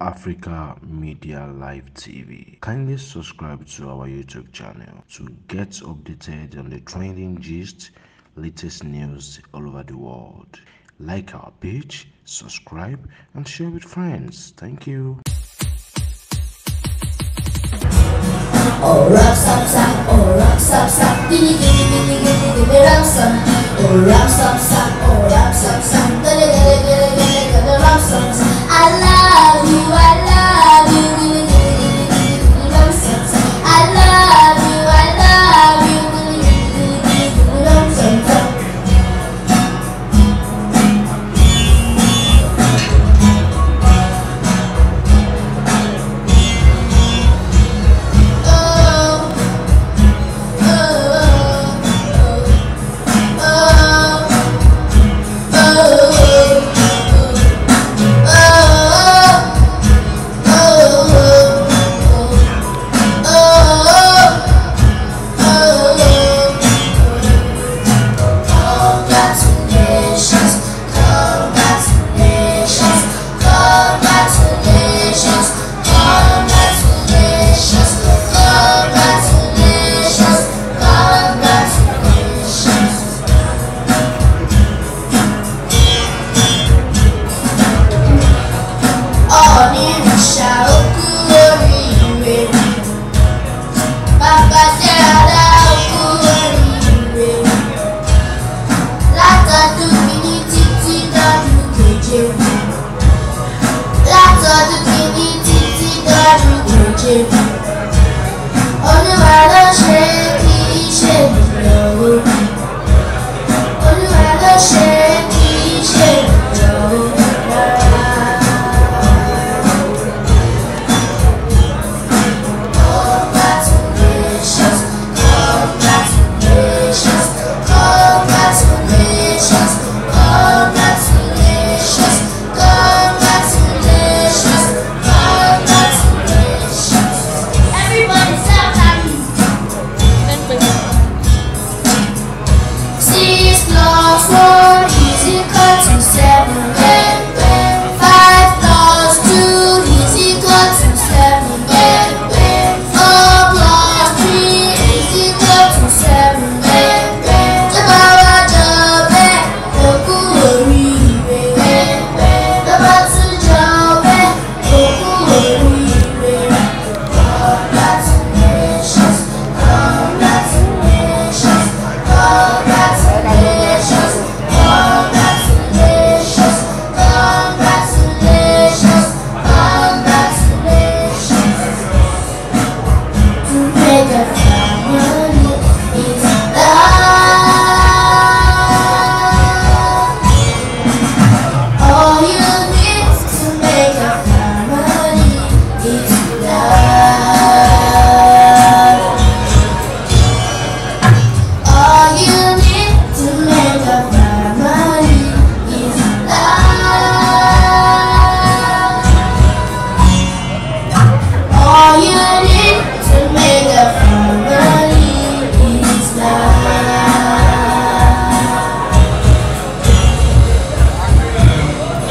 Africa Media Live TV. Kindly subscribe to our YouTube channel to get updated on the trending gist, latest news all over the world. Like our page, subscribe, and share with friends. Thank you. Oh, rock, stop, stop, oh, rock, stop, stop, give me, rock, oh, rock, stop, stop. Honey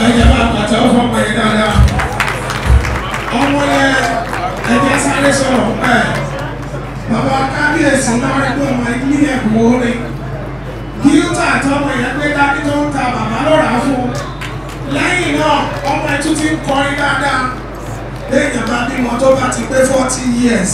ẹ̀jẹ̀ máa pàtẹ́ ọ̀fọ̀ ọmọ yìí dáadáa ọmọ rẹ̀ ẹ̀jẹ̀ sáré sọ̀rọ̀ ẹ̀ bàbá kábíyèsí náà rí pé ọmọ yìí ní ẹ̀kọ́ orí gíútà àtọmọ yẹn gbé dání tó ń ta bàbá lọ́ra fún lẹ́yìn náà ọmọ ẹ̀ tún ti ń kọrin dáadáa lẹ́yìn bá bímọ tó bá ti pé forty years.